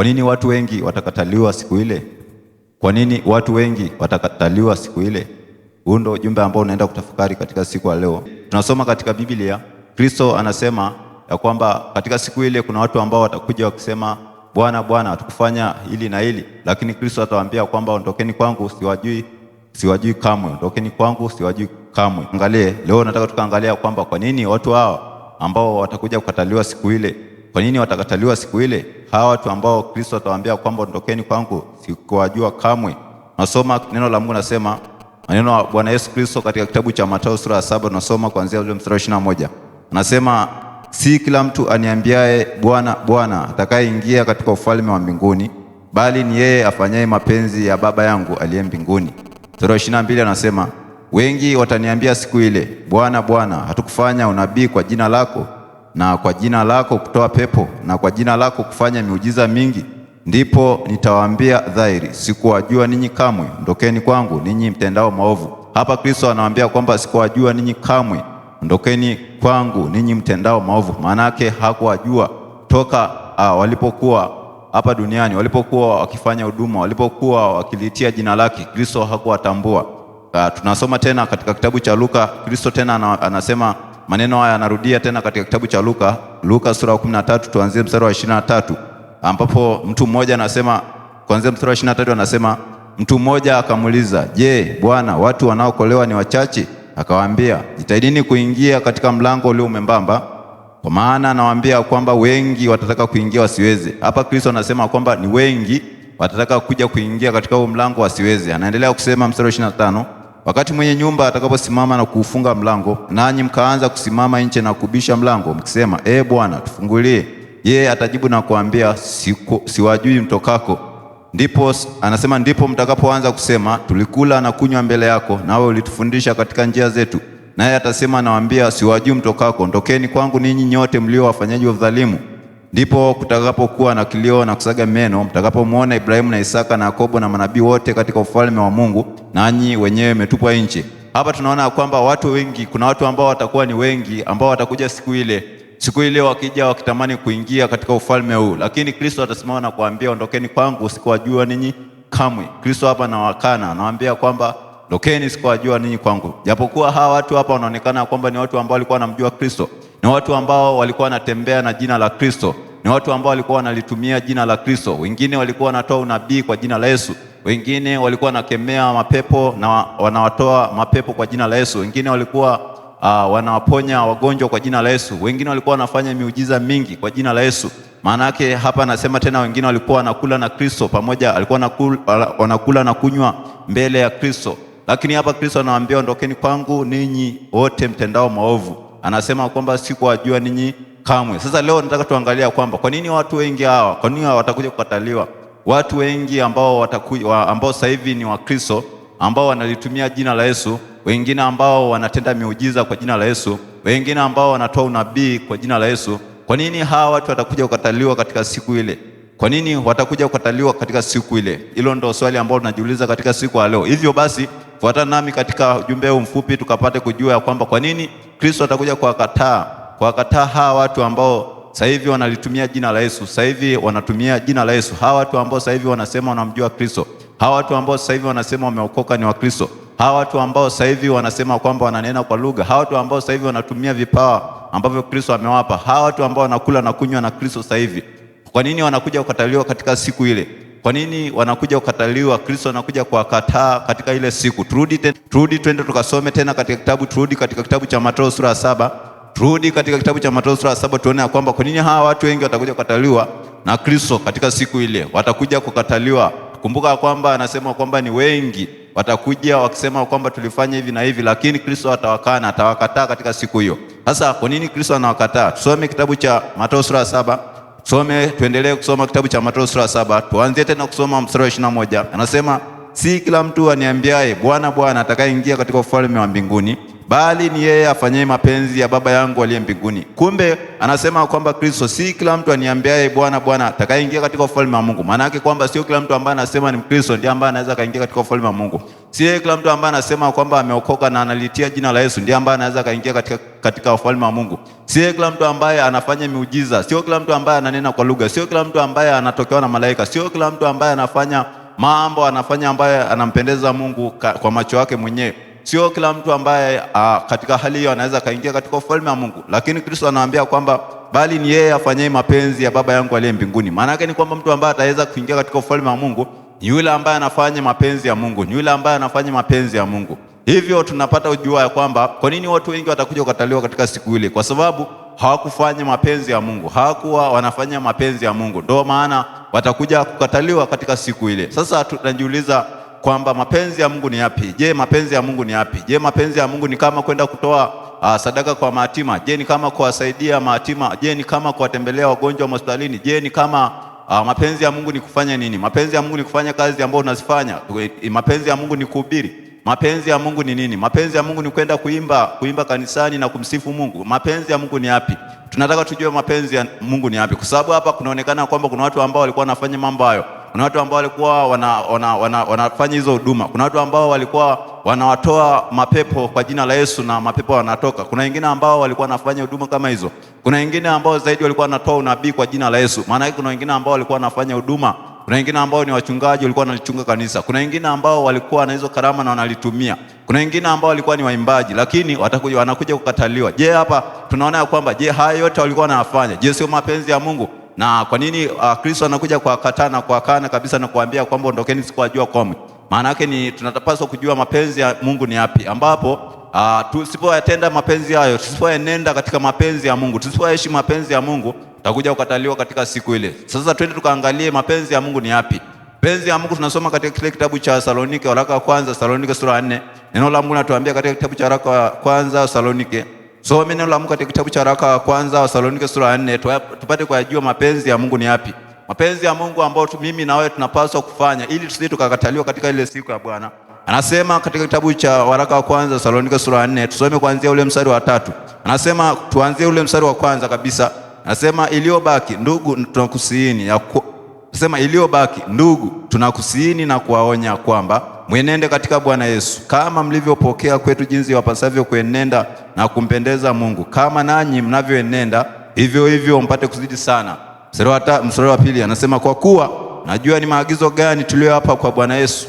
Kwa nini watu wengi watakataliwa siku ile? Kwa nini watu wengi watakataliwa siku ile? Huu ndio ujumbe ambao unaenda kutafakari katika siku ya leo. Tunasoma katika Biblia, Kristo anasema ya kwamba katika siku ile kuna watu ambao watakuja wakisema, Bwana Bwana, tukufanya hili na hili, lakini Kristo atawaambia kwamba ondokeni kwangu, siwajui siwajui kamwe, ondokeni kwangu, siwajui kamwe. Angalie leo, nataka tukaangalia kwamba kwa nini watu hao ambao watakuja kukataliwa siku ile, kwa nini watakataliwa siku ile? hawa watu ambao Kristo atawaambia kwamba ondokeni kwangu, sikuwajua kamwe. Nasoma neno la Mungu nasema maneno ya Bwana Yesu Kristo katika kitabu cha Mathayo sura ya saba tunasoma kuanzia ule mstari wa ishirini na moja. Nasema si kila mtu aniambiaye Bwana, Bwana atakayeingia katika ufalme wa mbinguni, bali ni yeye afanyaye mapenzi ya Baba yangu aliye mbinguni. Mstari wa ishirini na mbili anasema wengi wataniambia siku ile, Bwana, Bwana, hatukufanya unabii kwa jina lako na kwa jina lako kutoa pepo na kwa jina lako kufanya miujiza mingi, ndipo nitawaambia dhahiri, sikuwajua ninyi kamwe, ondokeni kwangu ninyi mtendao maovu. Hapa Kristo anawaambia kwamba sikuwajua ninyi kamwe, ondokeni kwangu ninyi mtendao maovu. Maana yake hakuwajua toka uh, walipokuwa hapa duniani, walipokuwa wakifanya huduma, walipokuwa wakilitia jina lake, Kristo hakuwatambua. Uh, tunasoma tena katika kitabu cha Luka, Kristo tena anasema maneno haya yanarudia tena katika kitabu cha Luka, Luka sura ya 13 tuanzie mstari wa 23, ambapo mtu mmoja anasema kuanzia mstari wa 23 anasema, mtu mmoja akamuuliza, je, Bwana, watu wanaokolewa ni wachache? Akawaambia, jitahidini kuingia katika mlango ulio mwembamba, kwa maana anawaambia kwamba wengi watataka kuingia wasiweze. Hapa Kristo anasema kwamba ni wengi watataka kuja kuingia katika huo mlango wasiweze. Anaendelea kusema mstari wa 25 Wakati mwenye nyumba atakaposimama na kuufunga mlango, nanyi mkaanza kusimama nje na kubisha mlango, mkisema, e Bwana, tufungulie, yeye atajibu na kuambia, siwajui mtokako. Ndipo anasema, ndipo mtakapoanza kusema, tulikula na kunywa mbele yako, nawe ulitufundisha katika njia zetu, naye atasema, nawaambia, siwajui mtokako, ndokeni kwangu ninyi nyote mlio wafanyaji wa udhalimu, Ndipo kutakapokuwa na kilio na kusaga meno, mtakapomwona Ibrahimu na Isaka na Yakobo na manabii wote katika ufalme wa Mungu, nanyi wenyewe mmetupwa nje. Hapa tunaona kwamba watu wengi, kuna watu ambao watakuwa ni wengi ambao watakuja siku ile, siku ile wakija wakitamani kuingia katika ufalme huu, lakini Kristo atasimama na kuambia ondokeni kwangu, sikuwajua ninyi kamwe. Kristo hapa nawakana, anawaambia kwamba ondokeni, sikuwajua ninyi kwangu. Japokuwa hawa watu hapa wanaonekana kwamba ni watu ambao walikuwa wanamjua Kristo ni watu ambao walikuwa wanatembea na jina la Kristo, ni watu ambao walikuwa wanalitumia jina la Kristo. Wengine walikuwa wanatoa unabii kwa jina la Yesu, wengine walikuwa wanakemea mapepo na wanawatoa mapepo kwa jina la Yesu, wengine walikuwa uh, wanawaponya wagonjwa kwa jina la Yesu, wengine walikuwa wanafanya miujiza mingi kwa jina la Yesu. Maana yake hapa anasema tena, wengine walikuwa wanakula na Kristo pamoja, alikuwa wanakula na kunywa mbele ya Kristo. Lakini hapa Kristo anawaambia ondokeni kwangu ninyi wote mtendao maovu anasema kwamba sikuwajua ninyi kamwe. Sasa leo nataka tuangalia kwamba kwa nini watu wengi hawa, kwa nini watakuja kukataliwa? Watu wengi ambao watakuja, ambao sasa hivi ni Wakristo ambao wanalitumia jina la Yesu, wengine ambao wanatenda miujiza kwa jina la Yesu, wengine ambao wanatoa unabii kwa jina la Yesu. Kwa nini hawa watu watakuja kukataliwa katika siku ile? Kwa nini watakuja kukataliwa katika siku ile? Hilo ndio swali ambalo tunajiuliza katika siku ya leo. Hivyo basi fuatana nami katika ujumbe huu mfupi tukapate kujua ya kwamba kwa nini Kristo atakuja kuwakataa kuwakataa hawa watu ambao sasa hivi wanalitumia jina la Yesu, sasa hivi wanatumia jina la Yesu, hawa watu ambao sasa hivi wanasema wanamjua Kristo, hawa watu ambao sasa hivi wanasema wameokoka ni wa Kristo, hawa watu ambao sasa hivi wanasema kwamba wananena kwa lugha, hawa watu ambao sasa hivi wanatumia vipawa ambavyo Kristo amewapa, hawa watu ambao wanakula na kunywa na Kristo sasa hivi, kwa nini wanakuja kukataliwa katika siku ile? Kwa nini wanakuja kukataliwa? Kristo anakuja kuwakataa katika ile siku. Turudi tena, turudi twende tukasome tena katika kitabu, turudi katika kitabu cha Mathayo sura ya saba, turudi katika kitabu cha Mathayo sura ya saba, tuone kwamba kwa nini hawa watu wengi watakuja kukataliwa na Kristo katika siku ile, watakuja kukataliwa. Kumbuka kwamba anasema kwamba ni wengi watakuja wakisema kwamba tulifanya hivi na hivi, lakini Kristo atawakana, atawakataa katika siku hiyo. Sasa kwa nini Kristo anawakataa? Tusome kitabu cha Mathayo sura ya saba Tusome, tuendelee kusoma kitabu cha Mathayo sura saba, tuanzie tena kusoma mstari wa ishirini na moja. Anasema si kila mtu aniambiaye Bwana, Bwana atakayeingia katika ufalme wa mbinguni, bali ni yeye afanyaye mapenzi ya Baba yangu aliye mbinguni. Kumbe anasema kwamba Kristo, si kila mtu aniambiaye Bwana, Bwana atakayeingia katika ufalme wa Mungu. Maana yake kwamba sio kila mtu ambaye anasema ni Mkristo ndiye ambaye anaweza kaingia katika ufalme wa Mungu yeye kila mtu ambaye anasema kwamba ameokoka na analitia jina la Yesu ndiye ambaye anaweza kaingia katika, katika ufalme wa Mungu. yeye kila mtu ambaye anafanya miujiza, sio kila mtu ambaye ananena kwa lugha, sio kila mtu ambaye anatokewa na malaika, sio kila mtu ambaye anafanya mambo anafanya ambaye anampendeza Mungu kwa macho yake mwenyewe. Sio kila mtu ambaye a, katika hali hiyo anaweza kaingia katika ufalme wa Mungu, lakini Kristo anawaambia kwamba bali ni yeye afanyaye mapenzi ya Baba yangu aliye mbinguni. Maana yake ni kwamba mtu ambaye ataweza kuingia katika ufalme wa Mungu ni yule ambaye anafanya mapenzi ya Mungu, ni yule ambaye anafanya mapenzi ya Mungu. Hivyo tunapata ujua ya kwamba kwa nini watu wengi watakuja kukataliwa katika siku ile, kwa sababu hawakufanya mapenzi ya Mungu, hawakuwa wanafanya mapenzi ya Mungu, ndio maana watakuja kukataliwa katika siku ile. Sasa tunajiuliza kwamba mapenzi ya Mungu ni yapi? Je, mapenzi ya Mungu ni yapi? Je, mapenzi ya Mungu ni kama kwenda kutoa uh, sadaka kwa maatima? Je, ni kama kuwasaidia maatima? Je, ni kama kuwatembelea wagonjwa hospitalini? Je, ni kama Ah, mapenzi ya Mungu ni kufanya nini? Mapenzi ya Mungu ni kufanya kazi ambayo unazifanya. Mapenzi ya Mungu ni kuhubiri. Mapenzi ya Mungu ni nini? Mapenzi ya Mungu ni kwenda kuimba, kuimba kanisani na kumsifu Mungu. Mapenzi ya Mungu ni yapi? Tunataka tujue mapenzi ya Mungu ni yapi, kwa sababu hapa kunaonekana kwamba kuna watu ambao walikuwa wanafanya mambo hayo, kuna watu ambao walikuwa wana, wana, wana, wanafanya hizo huduma, kuna watu ambao walikuwa wanawatoa mapepo kwa jina la Yesu na mapepo wanatoka. Kuna wengine ambao walikuwa wanafanya huduma kama hizo. Kuna wengine ambao zaidi walikuwa wanatoa unabii kwa jina la Yesu. Maana yake kuna wengine ambao walikuwa wanafanya huduma kuna wengine ambao ni wachungaji walikuwa wanachunga kanisa. Kuna wengine ambao walikuwa na hizo karama na wanalitumia. Kuna wengine ambao walikuwa ni waimbaji, lakini watakuja, wanakuja kukataliwa. Je, hapa tunaona ya kwamba je, haya yote walikuwa wanayafanya, je sio mapenzi ya Mungu? Na kwa nini ah, Kristo uh, anakuja katana kwa kana kabisa na kuambia kwamba ondokeni, sikuwajua mimi. Maana yake ni tunatapaswa kujua mapenzi ya Mungu ni yapi, ambapo uh, tusipoyatenda mapenzi hayo, tusipoenenda katika mapenzi ya Mungu, tusipoishi mapenzi ya Mungu, tutakuja kukataliwa katika siku ile. Sasa twende tukaangalie mapenzi ya Mungu ni yapi. Mapenzi ya Mungu tunasoma katika kile kitabu cha Salonike waraka wa kwanza Salonike sura ya 4. Neno la Mungu natuambia katika kitabu cha waraka wa kwanza Salonike. Soma neno la Mungu katika kitabu cha waraka wa kwanza wa Salonike sura ya 4 tupate kujua mapenzi ya Mungu ni yapi mapenzi ya Mungu ambayo mimi na wewe tunapaswa kufanya ili tusije tukakataliwa katika ile siku ya Bwana. Anasema katika kitabu cha waraka wa kwanza Salonika sura ya 4 tusome kuanzia ule mstari wa tatu. Anasema tuanzie ule mstari wa kwanza kabisa. Anasema iliyobaki ndugu, tunakusiini ya ku... Anasema iliyobaki ndugu, tunakusiini na kuwaonya kwamba mwenende katika Bwana Yesu kama mlivyopokea kwetu, jinsi wapasavyo kuenenda na kumpendeza Mungu, kama nanyi mnavyoenenda, hivyo hivyo mpate kuzidi sana Mstari wa pili anasema kwa kuwa najua ni maagizo gani tuliyoapa kwa Bwana Yesu,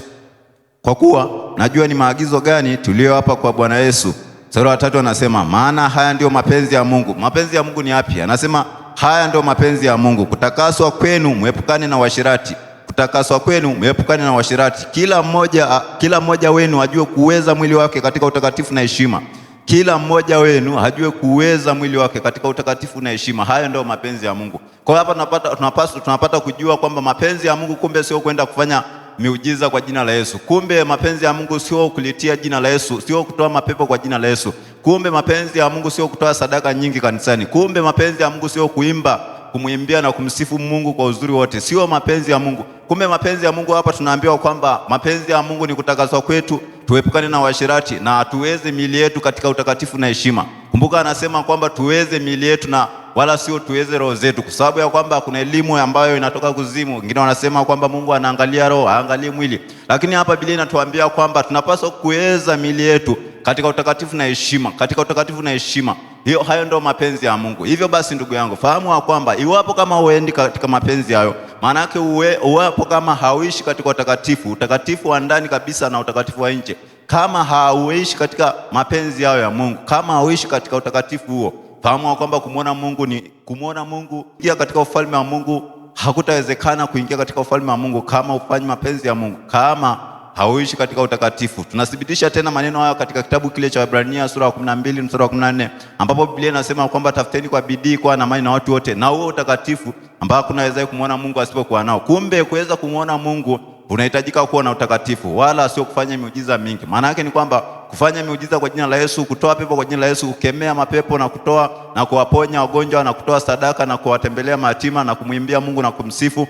kwa kuwa najua ni maagizo gani tuliyoapa kwa Bwana Yesu. Mstari wa tatu anasema maana haya ndiyo mapenzi ya Mungu. Mapenzi ya Mungu ni yapi? Anasema haya ndiyo mapenzi ya Mungu, kutakaswa kwenu, muepukane na washirati kutakaswa kwenu muepukane na washirati. Kila mmoja, kila mmoja wenu ajue kuweza mwili wake katika utakatifu na heshima kila mmoja wenu hajue kuweza mwili wake katika utakatifu na heshima. Hayo ndio mapenzi ya Mungu. Kwa hiyo hapa tunapata, tunapaswa, tunapata kujua kwamba mapenzi ya Mungu kumbe sio kwenda kufanya miujiza kwa jina la Yesu. Kumbe mapenzi ya Mungu sio kulitia jina la Yesu, sio kutoa mapepo kwa jina la Yesu. Kumbe mapenzi ya Mungu sio kutoa sadaka nyingi kanisani. Kumbe mapenzi ya Mungu sio kuimba, kumwimbia na kumsifu Mungu kwa uzuri wote, sio mapenzi ya Mungu. Kumbe mapenzi ya Mungu hapa tunaambiwa kwamba mapenzi ya Mungu ni kutakaswa kwetu tuepukane na washirati na tuweze miili yetu katika utakatifu na heshima. Kumbuka anasema kwamba tuweze miili yetu na wala sio tuweze roho zetu, kwa sababu ya kwamba kuna elimu ambayo inatoka kuzimu. Wengine wanasema kwamba Mungu anaangalia roho, haangalii mwili, lakini hapa Biblia inatuambia kwamba tunapaswa kuweza miili yetu katika utakatifu na heshima, katika utakatifu na heshima. Hiyo, hayo ndio mapenzi ya Mungu. Hivyo basi, ndugu yangu, fahamu kwamba iwapo kama uendi katika mapenzi hayo Maanake uwapo kama hauishi katika utakatifu, utakatifu wa ndani kabisa na utakatifu wa nje, kama hauishi katika mapenzi yao ya Mungu, kama hauishi katika utakatifu huo, fahamu kwamba kumwona Mungu ni kumwona Mungu, ingia katika ufalme wa Mungu. Hakutawezekana kuingia katika ufalme wa Mungu kama ufanye mapenzi ya Mungu, kama hauishi katika utakatifu. Tunathibitisha tena maneno hayo katika kitabu kile cha Waebrania sura ya 12 mstari wa 14 ambapo Biblia inasema kwamba tafuteni kwa bidii kuwa na amani na watu wote na huo utakatifu ambao kunaweza kumwona Mungu asipokuwa nao. Kumbe kuweza kumwona Mungu unahitajika kuwa na utakatifu, wala sio kufanya miujiza mingi. Maana yake ni kwamba kufanya miujiza kwa jina la Yesu, kutoa pepo kwa jina la Yesu, kukemea mapepo na kutoa na kuwaponya wagonjwa na kutoa sadaka na kuwatembelea mayatima na kumwimbia Mungu na kumsifu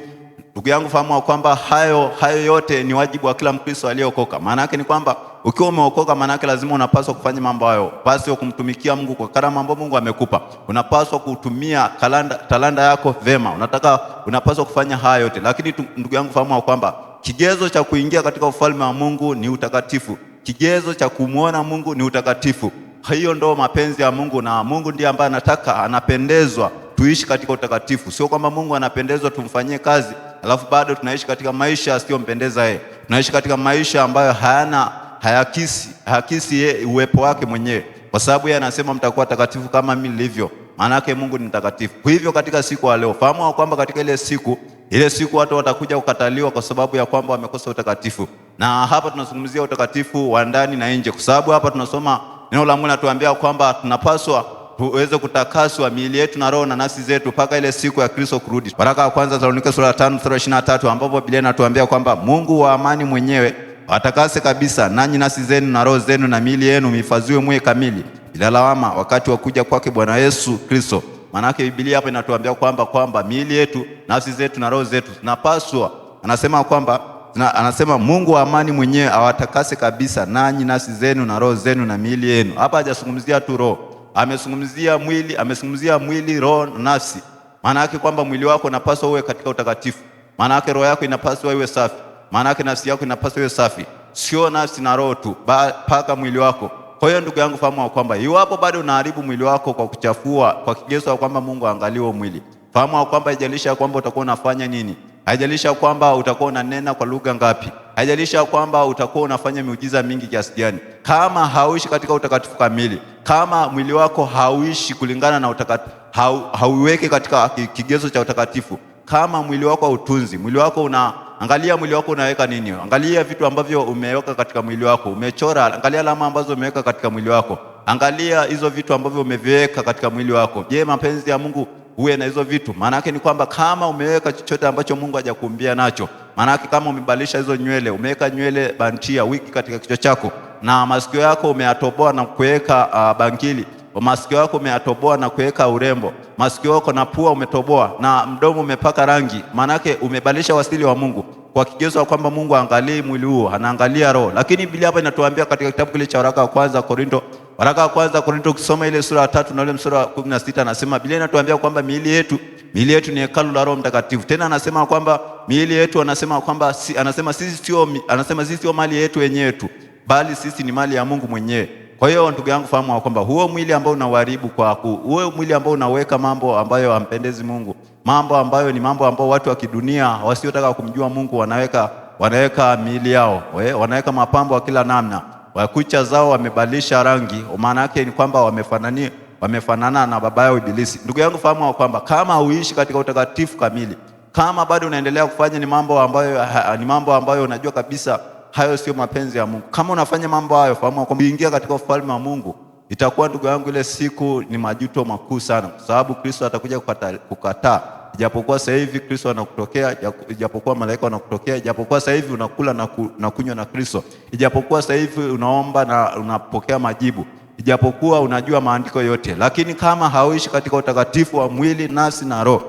Ndugu yangu, fahamu kwamba hayo, hayo yote ni wajibu wa kila Mkristo aliyeokoka. Maana yake ni kwamba ukiwa umeokoka, maana yake lazima unapaswa kufanya mambo hayo, basi kumtumikia Mungu kwa karama ambayo Mungu amekupa. Unapaswa kutumia kalanda, talanda yako vema, unataka unapaswa kufanya haya yote lakini, ndugu yangu, fahamu kwamba kigezo cha kuingia katika ufalme wa Mungu ni utakatifu. Kigezo cha kumwona Mungu ni utakatifu. Hiyo ndo mapenzi ya Mungu, na Mungu ndiye ambaye anataka, anapendezwa tuishi katika utakatifu, sio kwamba Mungu anapendezwa tumfanyie kazi alafu bado tunaishi katika maisha asiyompendeza yeye, tunaishi katika maisha ambayo hayana hayakisi hakisi ye uwepo wake mwenyewe, kwa sababu yeye anasema mtakuwa takatifu kama mimi nilivyo. Maana yake Mungu ni mtakatifu. Kwa hivyo katika siku ya leo fahamu kwamba katika ile siku ile siku watu watakuja kukataliwa kwa sababu ya kwamba wamekosa utakatifu, na hapa tunazungumzia utakatifu wa ndani na nje, kwa sababu hapa tunasoma neno la Mungu natuambia kwamba tunapaswa tuweze kutakaswa miili yetu na roho na nafsi zetu mpaka ile siku ya Kristo kurudi. Waraka wa kwanza Thesalonike sura ya 5 mstari ambapo Biblia inatuambia kwamba Mungu wa amani mwenyewe watakase kabisa, nanyi nafsi zenu na roho zenu na miili yenu mhifadhiwe mwe kamili bila lawama wakati wa kuja kwake Bwana Yesu Kristo. Maanake Biblia hapa inatuambia kwamba kwamba miili yetu, nafsi zetu na roho zetu zinapaswa, anasema kwamba na, anasema Mungu wa amani mwenyewe awatakase kabisa, nanyi nafsi zenu na roho zenu na miili yenu. Hapa hajazungumzia tu roho amezungumzia mwili, amezungumzia mwili, roho, nafsi. Maana yake kwamba mwili wako unapaswa uwe katika utakatifu, maana yake roho yako inapaswa iwe safi, maana yake nafsi yako inapaswa iwe safi, sio nafsi na roho tu, mpaka mwili wako. Kwa hiyo ndugu yangu, fahamu kwamba iwapo bado unaharibu mwili wako kwa kuchafua kwa kigezo ya kwamba Mungu aangalie mwili, fahamu kwamba haijalisha kwamba utakuwa unafanya nini, haijalisha kwamba utakuwa unanena kwa lugha ngapi, haijalisha kwamba utakuwa unafanya miujiza mingi kiasi gani, kama hauishi katika utakatifu kamili kama mwili wako hauishi kulingana na utakatifu, hauiweki katika kigezo cha utakatifu, kama mwili wako hautunzi mwili wako una angalia mwili wako unaweka nini, angalia vitu ambavyo umeweka katika mwili wako, umechora, angalia alama ambazo umeweka katika mwili wako, angalia hizo vitu ambavyo umeviweka katika mwili wako. Je, mapenzi ya Mungu uwe na hizo vitu? Maana yake ni kwamba kama umeweka chochote ambacho Mungu hajakuumbia nacho, maana yake kama umebadilisha hizo nywele, umeweka nywele bantia wiki katika kichwa chako na masikio yako umeyatoboa na kuweka uh, bangili masikio yako umeyatoboa na kuweka urembo, masikio yako na pua umetoboa na mdomo umepaka rangi. Maanake umebadilisha wasili wa Mungu kwa kigezo kwamba Mungu aangalii mwili huo, anaangalia roho. Lakini Biblia hapa inatuambia katika kitabu kile cha waraka wa kwanza Korinto, waraka wa kwanza Korinto, ukisoma ile sura ya tatu na ile mstari wa 16 anasema Biblia inatuambia kwamba miili yetu miili yetu ni hekalu la Roho Mtakatifu. Tena anasema kwamba miili yetu, anasema kwamba si, anasema sisi sio, anasema sisi sio mali yetu wenyewe tu bali sisi ni mali ya Mungu mwenyewe. Kwa hiyo ndugu yangu, fahamu kwamba huo mwili ambao unauharibu kwa ku, huo mwili ambao unaweka mambo ambayo hampendezi Mungu, mambo ambayo ni mambo ambao watu wa kidunia wasiotaka kumjua Mungu wanaweka, wanaweka miili yao we, wanaweka mapambo wa kila namna, wakucha zao wamebadilisha rangi. Maana yake ni kwamba wamefanani wamefanana na baba yao Ibilisi. Ndugu yangu, fahamu kwamba kama huishi katika utakatifu kamili, kama bado unaendelea kufanya ni mambo ambayo, ha, ni mambo ambayo unajua kabisa hayo sio mapenzi ya Mungu. Kama unafanya mambo hayo, fahamu kwamba kuingia katika ufalme wa Mungu itakuwa, ndugu yangu, ile siku ni majuto makuu sana, kwa sababu Kristo atakuja kukataa Ijapokuwa sasa hivi Kristo anakutokea, ijapokuwa malaika wanakutokea, ijapokuwa sasa hivi unakula na, ku, na kunywa na Kristo, ijapokuwa sasa hivi unaomba na unapokea majibu, ijapokuwa unajua maandiko yote, lakini kama hauishi katika utakatifu wa mwili, nafsi na roho,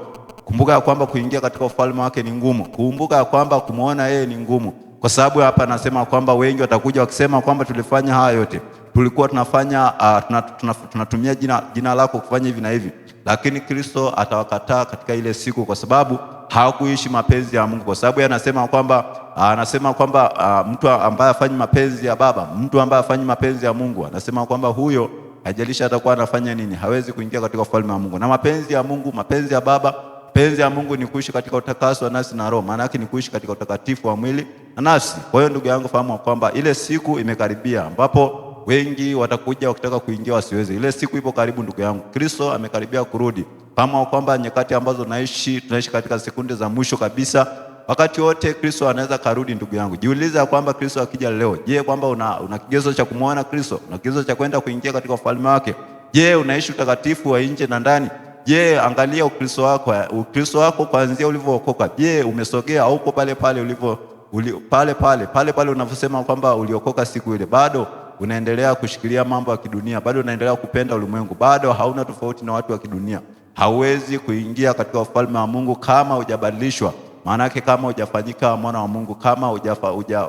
kumbuka ya kwamba kuingia katika ufalme wake ni ngumu. Kumbuka ya kwamba kumwona yeye ni ngumu kwa sababu hapa anasema kwamba wengi watakuja wakisema kwamba tulifanya haya yote, tulikuwa tunafanya uh, ah, tunatumia tuna, tuna jina, jina lako kufanya hivi na hivi, lakini Kristo atawakataa katika ile siku, kwa sababu hawakuishi mapenzi ya Mungu, kwa sababu yeye anasema kwamba ah, anasema kwamba uh, mtu ambaye afanyi mapenzi ya Baba, mtu ambaye afanyi mapenzi ya Mungu, anasema kwamba huyo ajalisha atakuwa anafanya nini, hawezi kuingia katika ufalme wa Mungu. Na mapenzi ya Mungu, mapenzi ya Baba penzi ya Mungu ni kuishi katika utakaso wa nafsi na roho, maana yake ni kuishi katika utakatifu wa mwili na nafsi. Kwa hiyo ndugu yangu, fahamu kwamba ile siku imekaribia ambapo wengi watakuja wakitaka kuingia wasiweze. Ile siku ipo karibu, ndugu yangu. Kristo amekaribia kurudi. Fahamu kwamba nyakati ambazo naishi tunaishi katika sekunde za mwisho kabisa. Wakati wote Kristo anaweza karudi, ndugu yangu. Jiulize ya kwamba Kristo akija leo, je, kwamba una, una kigezo cha kumwona Kristo? Una kigezo cha kwenda kuingia katika ufalme wake? Je, unaishi utakatifu wa nje na ndani? Je, angalia Ukristo wako, Ukristo wako kuanzia ulivyookoka. Je, umesogea au uko pale pale ulivyo uli, pale pale pale pale unavyosema kwamba uliokoka siku ile? Bado unaendelea kushikilia mambo ya kidunia, bado unaendelea kupenda ulimwengu, bado hauna tofauti na watu wa kidunia. Hauwezi kuingia katika ufalme wa Mungu kama hujabadilishwa yake kama hujafanyika mwana wa Mungu, kama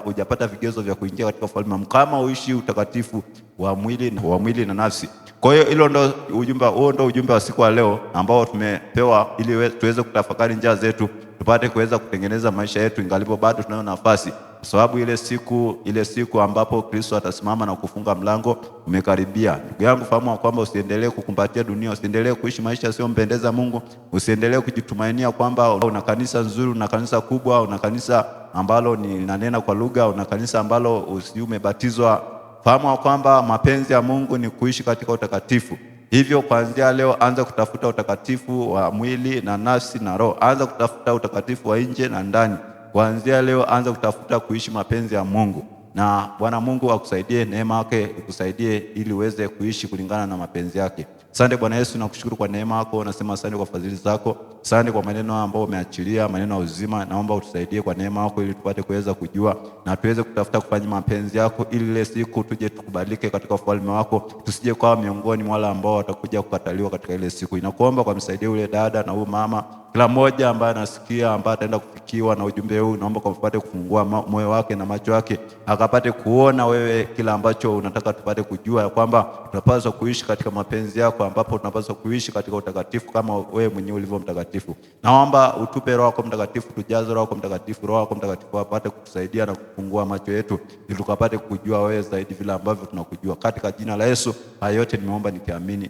hujapata vigezo vya kuingia katika ufalme kama uishi utakatifu wa mwili, wa mwili na nafsi. Kwa hiyo hilo ndo ujumbe, huo ndo ujumbe wa siku ya leo ambao tumepewa ili tuweze kutafakari njia zetu tupate kuweza kutengeneza maisha yetu ingalipo bado tunayo nafasi, kwa sababu ile siku, ile siku ambapo Kristo atasimama na kufunga mlango umekaribia. Ndugu yangu, fahamu kwamba usiendelee kukumbatia dunia, usiendelee kuishi maisha yasiyompendeza Mungu, usiendelee kujitumainia kwamba una kanisa nzuri, una kanisa kubwa, una kanisa ambalo ni linanena kwa lugha, una kanisa ambalo umebatizwa. Fahamu kwamba mapenzi ya Mungu ni kuishi katika utakatifu. Hivyo kuanzia leo, anza kutafuta utakatifu wa mwili na nafsi na roho. Anza kutafuta utakatifu wa nje na ndani. Kuanzia leo, anza kutafuta kuishi mapenzi ya Mungu, na Bwana Mungu akusaidie, neema yake ikusaidie, ili uweze kuishi kulingana na mapenzi yake. Asante Bwana Yesu, nakushukuru kwa neema yako, nasema asante kwa fadhili zako, asante kwa maneno ambayo umeachilia, maneno ya uzima. Naomba utusaidie kwa neema yako, ili tupate kuweza kujua na tuweze kutafuta kufanya mapenzi yako, ili ile siku tuje tukubalike katika ufalme wako, tusije kwa miongoni mwa wale ambao watakuja kukataliwa katika ile siku. Inakuomba kwa msaidie ule dada na huyu mama kila mmoja ambaye anasikia ambaye ataenda kufikiwa na ujumbe huu, naomba kapate kufungua moyo wake na macho yake, akapate kuona wewe kile ambacho unataka tupate kujua ya kwamba tunapaswa kuishi katika mapenzi yako, ambapo tunapaswa kuishi katika utakatifu kama wewe mwenyewe ulivyo mtakatifu. Naomba utupe Roho yako Mtakatifu, tujaze Roho yako Mtakatifu, Roho yako Mtakatifu apate kutusaidia na kufungua macho yetu, ili tukapate kujua wewe zaidi vile ambavyo tunakujua, katika jina la Yesu. Haya yote nimeomba nikiamini.